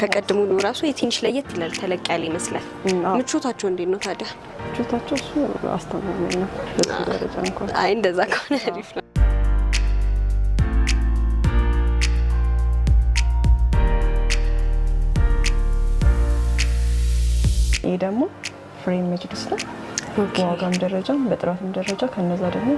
ከቀድሞ ነው ራሱ የትንሽ ለየት ይላል፣ ተለቅ ያለ ይመስላል። ምቾታቸው እንዴት ነው ታዲያ? ምቾታቸው እሱ አስተማሪ ነው። ደረጃ እንኳን አይ እንደዛ ከሆነ አሪፍ ነው። ይህ ደግሞ ፍሬም መጅልስ ነው። በዋጋም ደረጃም በጥራትም ደረጃ ከነዛ ደግሞ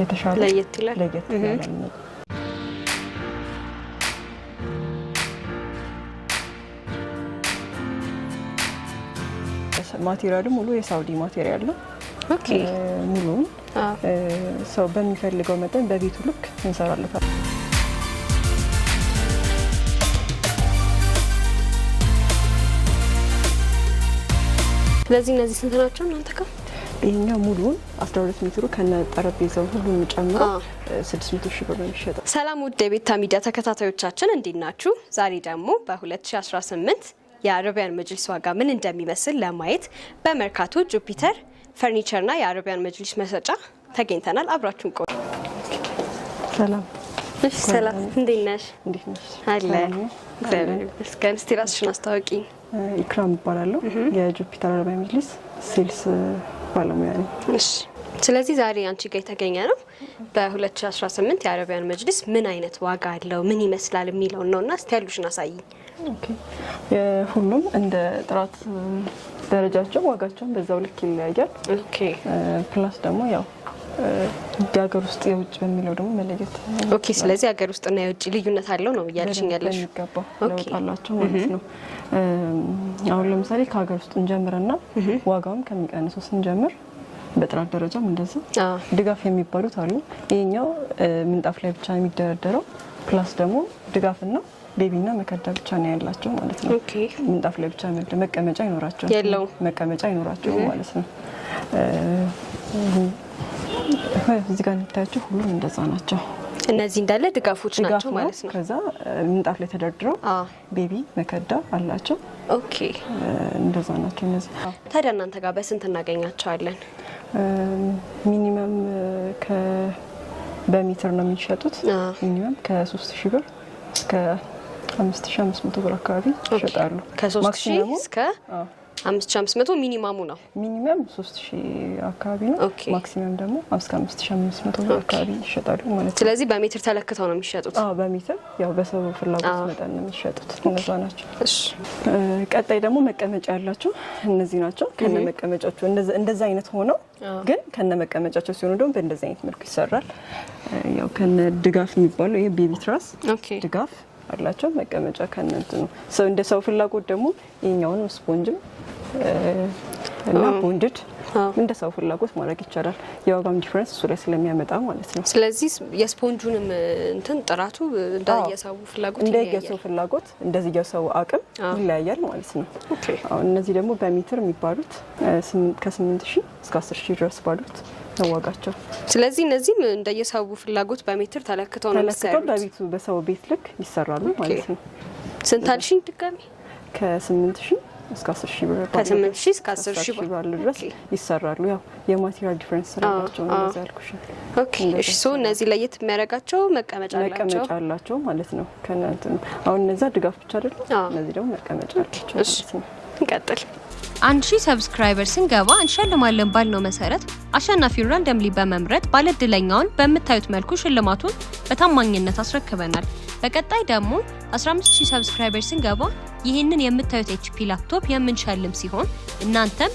የተሻለ ለየት ይላል። ማቴሪያሉ ሙሉ የሳውዲ ማቴሪያል ነው። ሙሉውን ሰው በሚፈልገው መጠን በቤቱ ልክ እንሰራለታል። ስለዚህ እነዚህ ስንት ናቸው እናንተ ጋር? ይሄኛው ሙሉውን 12 ሜትሩ ከነ ጠረጴዛው ሁሉ የሚጨምረው 600 ሺህ ብር ነው የሚሸጠው። ሰላም ውድ የቤታ ሚዲያ ተከታታዮቻችን እንዴት ናችሁ? ዛሬ ደግሞ በ2018 የአረቢያን መጅሊስ ዋጋ ምን እንደሚመስል ለማየት በመርካቶ ጁፒተር ፈርኒቸርና የአረቢያን መጅሊስ መሰጫ ተገኝተናል። አብራችሁን ቆዩ። ሰላም እሺ። ሰላም እንዴት ነሽ? አለ ይመስገን። እስቲ ራስሽን አስታውቂ። ኢክራም እባላለሁ። የጁፒተር አረቢያን መጅሊስ ሴልስ ባለሙያ ነኝ። እሺ ስለዚህ ዛሬ አንቺ ጋር የተገኘ ነው በ2018 የአረቢያን መጅሊስ ምን አይነት ዋጋ አለው ምን ይመስላል የሚለውን ነው እና እስቲ ያሉሽን አሳይኝ። ሁሉም እንደ ጥራት ደረጃቸው ዋጋቸውን በዛው ልክ ይለያያል። ፕላስ ደግሞ ያው የሀገር ውስጥ የውጭ በሚለው ደግሞ መለየት። ኦኬ ስለዚህ ሀገር ውስጥና የውጭ ልዩነት አለው ነው እያልሽኝ ያለሽ? የሚገባ ለውጥ አላቸው ማለት ነው። አሁን ለምሳሌ ከሀገር ውስጥ እንጀምርና ዋጋውም ከሚቀንሰው ስንጀምር በጥራት ደረጃም እንደዛ ድጋፍ የሚባሉት አሉ። ይሄኛው ምንጣፍ ላይ ብቻ የሚደረደረው ፕላስ ደግሞ ድጋፍና ቤቢና መከዳ ብቻ ነው ያላቸው ማለት ነው። ምንጣፍ ላይ ብቻ መቀመጫ አይኖራቸው የለው መቀመጫ አይኖራቸው ማለት ነው። እዚህ ጋር እንታያቸው ሁሉም እንደዛ ናቸው። እነዚህ እንዳለ ድጋፎች ናቸው ማለት ነው። ከዛ ምንጣፍ ላይ ተደርድረው ቤቢ መከዳ አላቸው። ኦኬ እንደዛ ናቸው እነዚህ። ታዲያ እናንተ ጋር በስንት እናገኛቸዋለን? ሚኒመም በሜትር ነው የሚሸጡት። ሚኒመም ከ3000 ብር እስከ 5500 ብር አካባቢ ይሸጣሉ። ከ3000 እስከ አምስት ሺህ አምስት መቶ ሚኒማሙ ነው። ሚኒመም ሶስት አካባቢ ነው። ማክሲመም ደግሞ እስከ አምስት አካባቢ ይሸጣሉ ማለት ነው። ስለዚህ በሜትር ተለክተው ነው የሚሸጡት? አዎ በሜትር ያው በሰው ፍላጎት መጠን ነው የሚሸጡት። እነዛ ናቸው። ቀጣይ ደግሞ መቀመጫ ያላቸው እነዚህ ናቸው። ከነ መቀመጫቸው እንደዛ አይነት ሆነው ግን ከነ መቀመጫቸው ሲሆኑ ደግሞ በእንደዚህ አይነት መልኩ ይሰራል። ያው ከነ ድጋፍ የሚባለው ይሄ ቤቢ ትራስ ድጋፍ አላቸው መቀመጫ ከነንትኑ ሰው እንደ ሰው ፍላጎት ደግሞ ይህኛውን ስፖንጅም እና ቦንድድ እንደ ሰው ፍላጎት ማድረግ ይቻላል። የዋጋም ዲፈረንስ እሱ ላይ ስለሚያመጣ ማለት ነው። ስለዚህ የስፖንጁንም እንትን ጥራቱ እንደየሰው ፍላጎት እንደየሰው ፍላጎት የሰው አቅም ይለያያል ማለት ነው። እነዚህ ደግሞ በሜትር የሚባሉት ከስምንት ሺህ እስከ 10 ሺህ ድረስ ባሉት ተዋጋቸው። ስለዚህ እነዚህም እንደየሰቡ ፍላጎት በሜትር ተለክተው ነው ተለክተው በቤቱ በሰው ቤት ልክ ይሰራሉ ማለት ነው። ስንት አልሽኝ? ድጋሚ ከስምንት ሺህ እስከ አስር ሺህ ብር ከስምንት ሺህ እስከ አስር ብር ባሉ ድረስ ይሰራሉ። ያው የማቴሪያል ዲፈረንስ ስላላቸው ነው ያልኩሽ። ኦኬ እሺ። ሶ እነዚህ ለየት የሚያደርጋቸው መቀመጫ አላቸው መቀመጫ አላቸው ማለት ነው። ከእናንተ አሁን እነዛ ድጋፍ ብቻ አይደለም፣ እነዚህ ደግሞ መቀመጫ አላቸው። እሺ እንቀጥል። አንድ ሺህ ሰብስክራይበር ስንገባ እንሸልማለን ባልነው መሰረት አሸናፊውን ራንደምሊ በመምረጥ ባለድለኛውን በምታዩት መልኩ ሽልማቱን በታማኝነት አስረክበናል። በቀጣይ ደግሞ 15000 ሰብስክራይበር ስንገባ ይህንን የምታዩት ኤችፒ ላፕቶፕ የምንሸልም ሲሆን እናንተም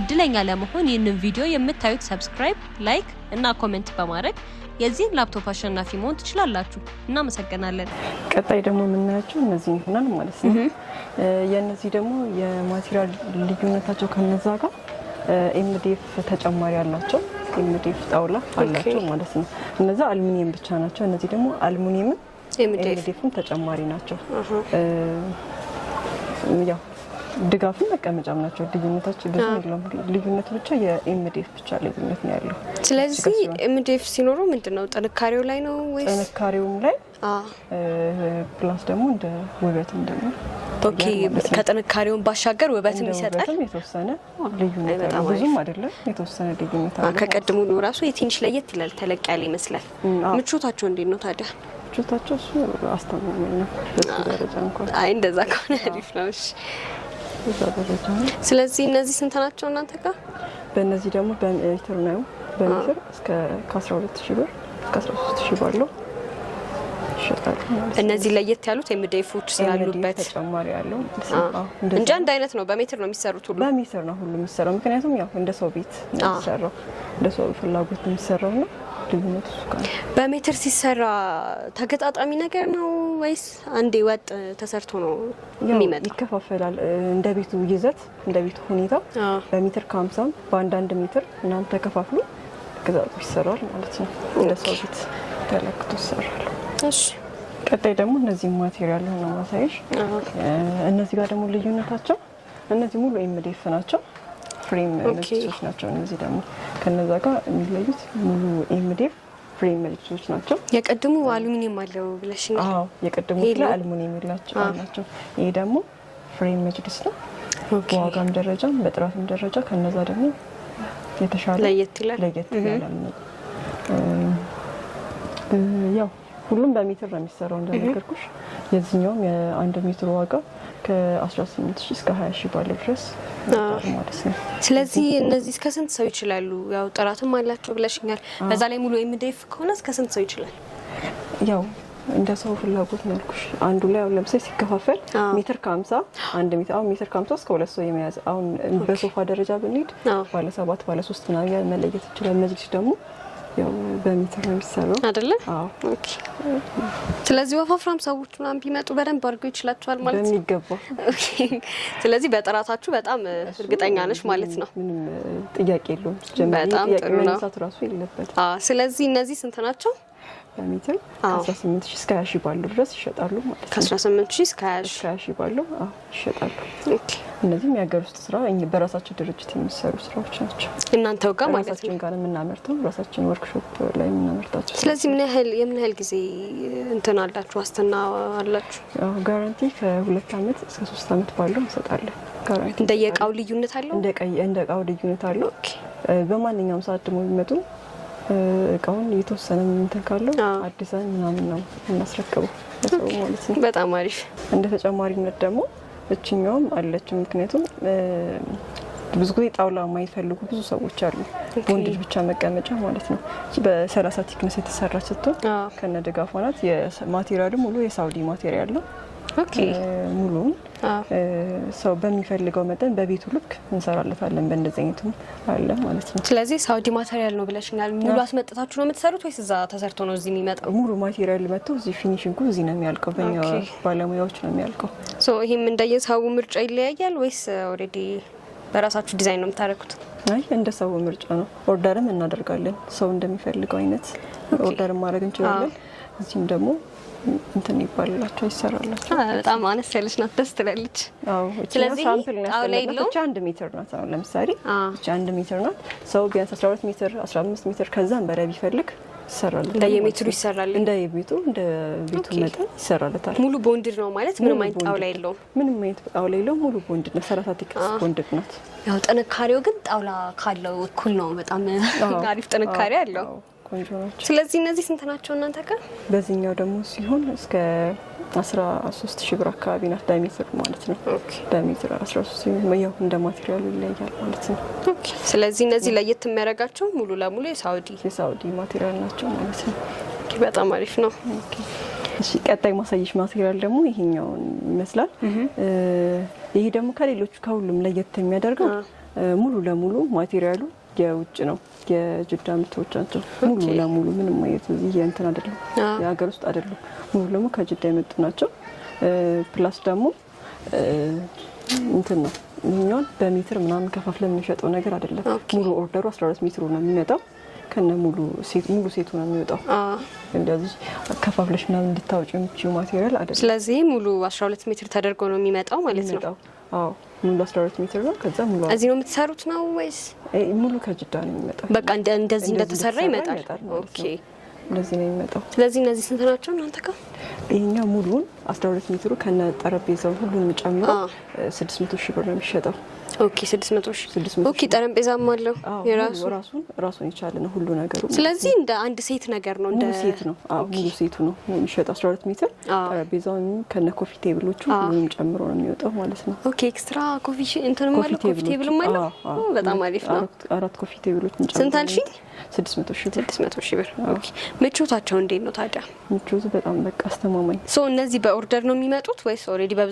እድለኛ ለመሆን ይህንን ቪዲዮ የምታዩት ሰብስክራይብ፣ ላይክ እና ኮሜንት በማድረግ የዚህን ላፕቶፕ አሸናፊ መሆን ትችላላችሁ። እናመሰግናለን። ቀጣይ ደግሞ የምናያቸው እነዚህ ይሆናል ማለት ነው። የእነዚህ ደግሞ የማቴሪያል ልዩነታቸው ከነዛ ጋር ኤምዲኤፍ ተጨማሪ አላቸው። ኤምዲኤፍ ጣውላ አላቸው ማለት ነው። እነዚ አልሙኒየም ብቻ ናቸው። እነዚህ ደግሞ አልሙኒየምን ኤምዲኤፍም ተጨማሪ ናቸው። ያው ድጋፍ መቀመጫም ናቸው። ልዩነታቸው ብዙ የለውም። ልዩነቱ ብቻ የኤምዲኤፍ ብቻ ልዩነት ነው ያለው። ስለዚህ ኤምዲኤፍ ሲኖሩ ምንድን ነው ጥንካሬው ላይ ነው ወይስ ጥንካሬውም ላይ ፕላስ ደግሞ እንደ ውበትም ደግሞ ኦኬ፣ ከጥንካሬውን ባሻገር ውበትም ይሰጣል። የተወሰነ ልዩነት ብዙም አይደለም፣ የተወሰነ ልዩነት አለ። ከቀድሞ ነው ራሱ የትንሽ ለየት ይላል፣ ተለቅ ያለ ይመስላል። ምቾታቸው እንዴት ነው ታዲያ? ምቾታቸው እሱ አስተማማኝ ነው ደረጃ እንኳን አይ እንደዛ ከሆነ አሪፍ ነው። እሺ ስለዚህ እነዚህ ስንት ናቸው እናንተ ጋ? በእነዚህ ደግሞ በሜትር ነው። በሜትር እስከ 12 ሺህ ብር እስከ 13 ሺ ባለው እነዚህ ለየት ያሉት የምዴፎች ስላሉበት ተጨማሪ ያለው እንጂ አንድ አይነት ነው። በሜትር ነው የሚሰሩት ሁሉ በሜትር ነው ሁሉ የሚሰራው። ምክንያቱም ያው እንደ ሰው ቤት የሚሰራው፣ እንደ ሰው ፍላጎት የሚሰራው ነው። ልዩነቱ እሱ በሜትር ሲሰራ ተገጣጣሚ ነገር ነው ወይስ አንዴ ወጥ ተሰርቶ ነው የሚመጣ? ይከፋፈላል። እንደ ቤቱ ይዘት፣ እንደ ቤቱ ሁኔታ በሜትር ከሀምሳም በአንዳንድ ሜትር እናንተ ከፋፍሉ ግዛቱ ይሰራል ማለት ነው። እንደ ሰው ቤት ተለክቶ ይሰራል። እሺ ቀጣይ ደግሞ እነዚህ ማቴሪያል ነው ማሳየሽ። እነዚህ ጋር ደግሞ ልዩነታቸው እነዚህ ሙሉ ኤምዴፍ ናቸው። ፍሬም ልብሶች ናቸው። እነዚህ ደግሞ ከነዛ ጋር የሚለዩት ሙሉ ኤምዴፍ ፍሬም ልብሶች ናቸው። የቀድሙ አሉሚኒየም አለው ብለሽ አዎ የቀድሙ ላይ አሉሚኒየም የላቸው ናቸው። ይሄ ደግሞ ፍሬም መጅልስ ነው። በዋጋም ደረጃ በጥራትም ደረጃ ከነዛ ደግሞ የተሻለ ለየት ይላል። ለየት ይላል። ያው ሁሉም በሜትር ነው የሚሰራው እንደነገርኩሽ። የዚህኛውም የአንድ ሜትር ዋጋ ከ18 ሺህ እስከ 20 ሺህ ባለው ድረስ ማለት ነው። ስለዚህ እነዚህ እስከ ስንት ሰው ይችላሉ? ያው ጥራትም አላቸው ብለሽኛል። በዛ ላይ ሙሉ ኤምዲኤፍ ከሆነ እስከ ስንት ሰው ይችላል? ያው እንደ ሰው ፍላጎት ነው ያልኩሽ። አንዱ ላይ አሁን ለምሳሌ ሲከፋፈል ሜትር ከሀምሳ አንድ ሜትር አሁን ሜትር ከሀምሳ እስከ ሁለት ሰው የመያዝ አሁን በሶፋ ደረጃ ብንሄድ ባለ ሰባት ምናምን መለየት ይችላል። መጅሊስ ደግሞ በሜትር ነው የሚሰራው አይደለ? ስለዚህ ወፋፍራም ሰዎች ምናምን ቢመጡ በደንብ አድርገው ይችላቸዋል ማለት ነው የሚገባው። ስለዚህ በጥራታችሁ በጣም እርግጠኛ ነች ማለት ነው። ምንም ጥያቄ የለውም። በጣም ጥሩ ነው። ስለዚህ እነዚህ ስንት ናቸው? በሜትር ከ18 ሺ እስከ 20 ባለው ድረስ ይሸጣሉ ማለት ነው። ከ18 እስከ 20 ባለው ይሸጣሉ። እነዚህም የሀገር ውስጥ ስራ በራሳቸው ድርጅት የሚሰሩ ስራዎች ናቸው። እናንተው ጋር ማለት ነው። ራሳችን ጋር የምናመርተው ራሳችን ወርክሾፕ ላይ የምናመርታቸው። ስለዚህ ምን ያህል የምን ያህል ጊዜ እንትን አላችሁ ዋስትና አላችሁ? ጋራንቲ ከሁለት ዓመት እስከ ሶስት አመት ባለው እንሰጣለን። እንደየቃው ልዩነት አለው። እንደ እቃው ልዩነት አለው። በማንኛውም ሰዓት ደግሞ የሚመጡ እቃውን የተወሰነ ምንትን ካለው አዲሰን ምናምን ነው እናስረክበው ለሰው ማለት ነው። በጣም አሪፍ። እንደ ተጨማሪነት ደግሞ እችኛውም አለችም። ምክንያቱም ብዙ ጊዜ ጣውላ የማይፈልጉ ብዙ ሰዎች አሉ። በወንዶች ብቻ መቀመጫ ማለት ነው። በሰላሳ ቲክነስ የተሰራች ስትሆን ከነ ድጋፏ ናት። ማቴሪያሉ ሙሉ የሳውዲ ማቴሪያል ነው። ሙሉውን ሰው በሚፈልገው መጠን በቤቱ ልክ እንሰራለታለን። በእንደዚህ አይነቱም አለ ማለት ነው። ስለዚህ ሳውዲ ማቴሪያል ነው ብለሽኛል። ሙሉ አስመጥታችሁ ነው የምትሰሩት ወይስ እዛ ተሰርቶ ነው እዚህ የሚመጣው? ሙሉ ማቴሪያል መጥተው እዚህ ፊኒሽንጉ እዚህ ነው የሚያልቀው፣ በእኛ ባለሙያዎች ነው የሚያልቀው። ይህም ሰው ምርጫ ይለያያል ወይስ ኦልሬዲ በራሳችሁ ዲዛይን ነው የምታደርጉት? አይ እንደ ሰው ምርጫ ነው። ኦርደርም እናደርጋለን። ሰው እንደሚፈልገው አይነት ኦርደርም ማድረግ እንችላለን። እዚህም ደግሞ እንትን ይባልላቸው ይሰራላቸው። በጣም አነስ ያለች ናት፣ ደስ ትላለች። ስለዚህ አንድ ሜትር ናት። አሁን ለምሳሌ ብቻ አንድ ሜትር ናት። ሰው ቢያንስ 12 ሜትር 15 ሜትር ከዛም በላይ ቢፈልግ ይሰራል። እንደየሜትሩ ይሰራል። እንደየቤቱ እንደ ቤቱ መጠን ይሰራለታል። ሙሉ ቦንድድ ነው ማለት ምንም አይነት ጣውላ የለውም። ምንም አይነት ጣውላ የለውም። ሙሉ ቦንድድ ነው። ሰላሳ ቲክስ ቦንድድ ናት። ያው ጥንካሬው ግን ጣውላ ካለው እኩል ነው። በጣም አሪፍ ጥንካሬ አለው። ቆንጆ ናቸው። ስለዚህ እነዚህ ስንት ናቸው እናንተ ጋር? በዚህኛው ደግሞ ሲሆን እስከ 13 ሺህ ብር አካባቢ ናት በሜትር ማለት ነው። ዳሜትር 13 ያው እንደ ማቴሪያሉ ይለያል ማለት ነው። ስለዚህ እነዚህ ለየት የሚያደርጋቸው ሙሉ ለሙሉ የሳውዲ የሳውዲ ማቴሪያል ናቸው ማለት ነው። በጣም አሪፍ ነው። እሺ ቀጣይ ማሳየሽ ማቴሪያል ደግሞ ይሄኛውን ይመስላል። ይሄ ደግሞ ከሌሎቹ ከሁሉም ለየት የሚያደርገው ሙሉ ለሙሉ ማቴሪያሉ የውጭ ነው የጅዳ ምርቶች ናቸው። ሙሉ ለሙሉ ምንም ማየት የእንትን አይደለም፣ የሀገር ውስጥ አይደለም። ሙሉ ለሙሉ ከጅዳ የመጡ ናቸው። ፕላስ ደግሞ እንትን ነው ይህኛውን በሜትር ምናምን ከፋፍለ የምንሸጠው ነገር አይደለም። ሙሉ ኦርደሩ 12 ሜትሩ ነው የሚመጣው ከነ ሙሉ ሴቱ ነው የሚወጣው። እንደዚህ ከፋፍለሽ ምናምን እንድታወጪ የምችው ማቴሪያል አይደለም። ስለዚህ ሙሉ 12 ሜትር ተደርጎ ነው የሚመጣው ማለት ነው። አዎ ሙሉ 12 ሜትር ነው። ከዛ ሙሉ እዚህ ነው የምትሰሩት ነው ወይስ ሙሉ ከጅዳ ነው የሚመጣው? በቃ እንደዚህ እንደተሰራ ይመጣል። ኦኬ እንደዚህ ነው የሚመጣው። ስለዚህ እነዚህ ስንት ናቸው እናንተ ጋር? ይሄኛው ሙሉን 12 ሜትሩ ከነ ጠረጴዛው ሁሉንም ጨምሮ 600 ሺህ ብር ነው የሚሸጠው። ኦኬ፣ ስድስት መቶ ሺህ ኦኬ። ጠረጴዛም አለው የራሱ ራሱን ራሱን የቻለ ነው ሁሉ ነገሩ። ስለዚህ እንደ አንድ ሴት ነገር ነው፣ እንደ ሴት ነው። አዎ ሙሉ ሴቱ ነው የሚሸጥ 12 ሜትር ጠረጴዛውን ከነ ኮፊ ቴብሎቹ ሁሉንም ጨምሮ ነው የሚወጣው ማለት ነው። ኦኬ፣ ኤክስትራ ኮፊ እንትን ማለት ኮፊ ቴብልም አለው። በጣም አሪፍ ነው። አራት ኮፊ ቴብሎች ስንት አልሽኝ? ሺህ ሺህ ብር። ኦኬ፣ ምቾታቸው እንዴት ነው ታዲያ? ምቾቱ በጣም በቃ አስተማማኝ። ሶ እነዚህ በኦርደር ነው የሚመጡት ወይስ ኦልሬዲ በብዛት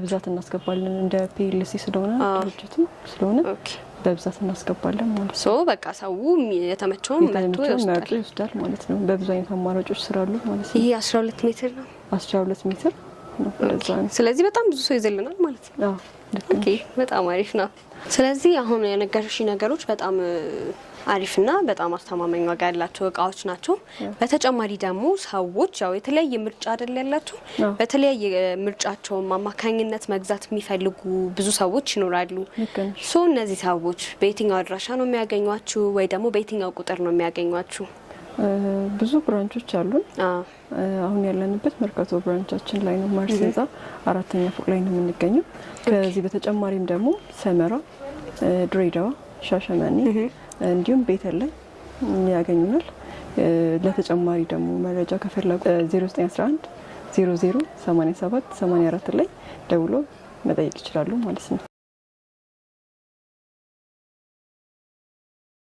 በብዛት እናስገባለን እንደ ፒኤልሲ ስለሆነ ድርጅቱ ስለሆነ በብዛት እናስገባለን ማለት ነው። በቃ ሰው የተመቸውን መርጦ ይወስዳል ማለት ነው። በብዙ አይነት አማራጮች ስራሉ ማለት ነው። ይሄ አስራ ሁለት ሜትር ነው። አስራ ሁለት ሜትር ነው። ስለዚህ በጣም ብዙ ሰው ይዘልናል ማለት ነው። በጣም አሪፍ ነው። ስለዚህ አሁን የነገርሽ ነገሮች በጣም አሪፍና በጣም አስተማማኝ ዋጋ ያላቸው እቃዎች ናቸው። በተጨማሪ ደግሞ ሰዎች ያው የተለያየ ምርጫ አይደል ያላቸው በተለያየ ምርጫቸው አማካኝነት መግዛት የሚፈልጉ ብዙ ሰዎች ይኖራሉ። ሶ እነዚህ ሰዎች በየትኛው አድራሻ ነው የሚያገኟችሁ? ወይ ደግሞ በየትኛው ቁጥር ነው የሚያገኟችሁ? ብዙ ብራንቾች አሉን። አሁን ያለንበት መርካቶ ብራንቻችን ላይ ነው። ማርስ አራተኛ ፎቅ ላይ ነው የምንገኘው። ከዚህ በተጨማሪም ደግሞ ሰመራ፣ ድሬዳዋ፣ ሻሸመኔ እንዲሁም ቤተል ላይ ያገኙናል። ለተጨማሪ ደግሞ መረጃ ከፈለጉ 0911 0087 84 ላይ ደውሎ መጠየቅ ይችላሉ ማለት ነው።